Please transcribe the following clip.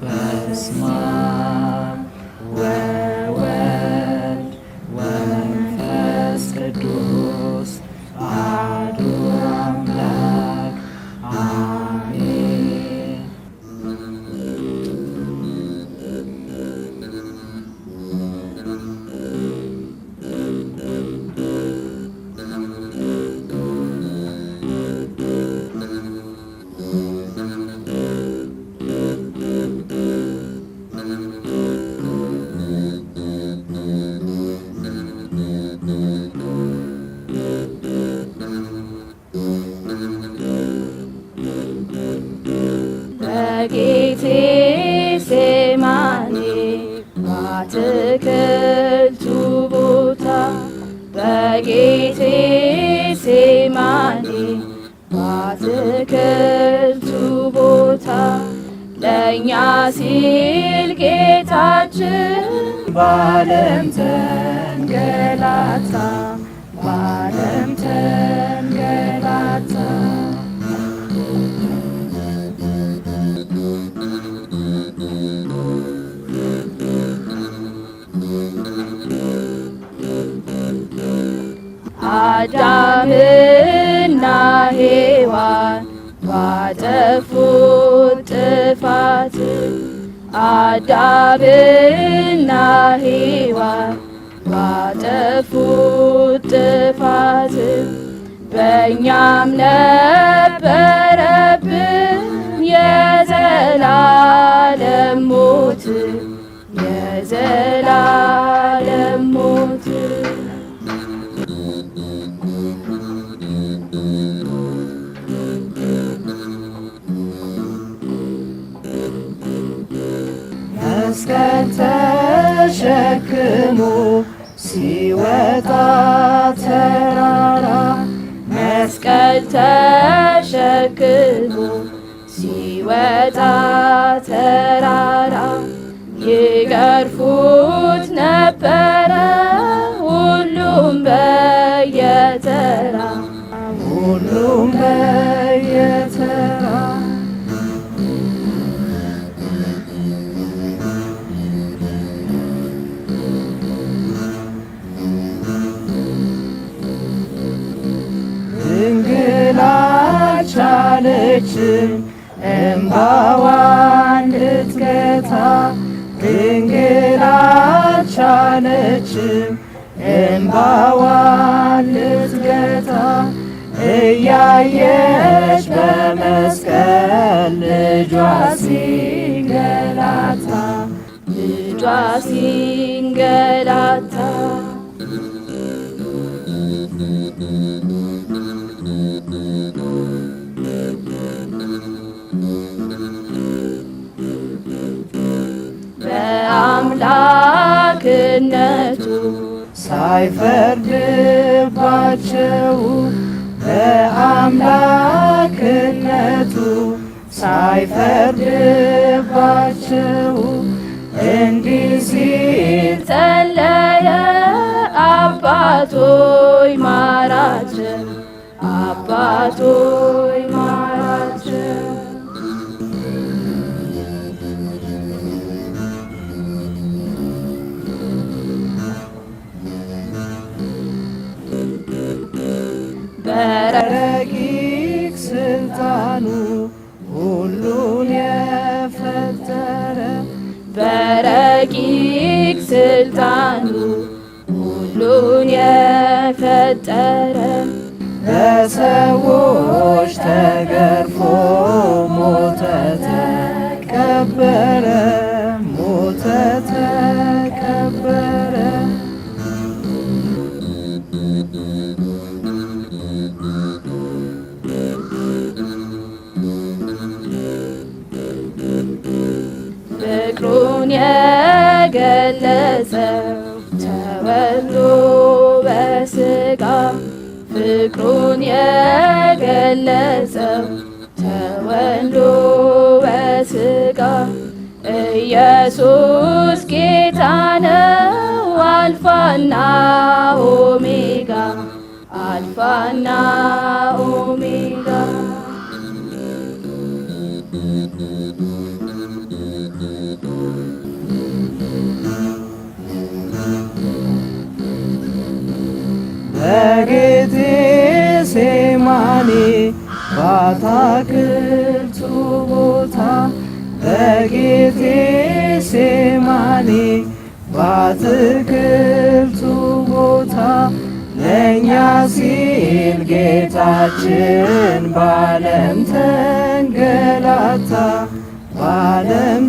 Five smile. በጌቴ ሴማኒ በአትክልቱ ቦታ በጌቴ ሴማኒ ቦታ ለእኛ ሲል ጌታችን ባለም ተንገላታ አዳምና ሔዋን ባጠፉት ጥፋት አዳምና ሔዋን ባጠፉት ጥፋት በእኛም ነበረ መስቀል ተሸክሞ ሲወጣ ተራራ መስቀል ተሸክሞ ሲወጣ ተራራ ይገርፉ ሁሉም በየተራ ድንግል አልቻለችም እምባዋን ልትገታ ድንግል አልቻለችም እምባዋን ልትገታ እያየች በመስቀል ልጇ ሲንገላታ ልጇ ሲንገላታ በአምላክነቱ ሳይፈርድባቸው በአምላክነቱ ሳይፈርድባቸው እንዲህ ሲል ጸለየ። አባቶይ ማራቸው አባቶይ ረቂቅ ስልጣኑ ሁሉን የፈጠረ በረቂቅ ስልጣኑ ሁሉን የፈጠረ ለሰዎች ተገርፎ ሞተ ተቀበረ ሞተ ፊቱን የገለጸው ተወልዶ በሥጋ ፍቅሩን የገለጸው ተወልዶ በሥጋ ኢየሱስ ጌታ ነው። አልፋና ኦሜጋ አልፋና ኦሜጋ በጌቴሴማኒ ባታክልቱ ቦታ በጌቴሴማኒ ባትክልቱ ቦታ ለእኛ ሲል ጌታችን ባለም ተንገላታ ባለም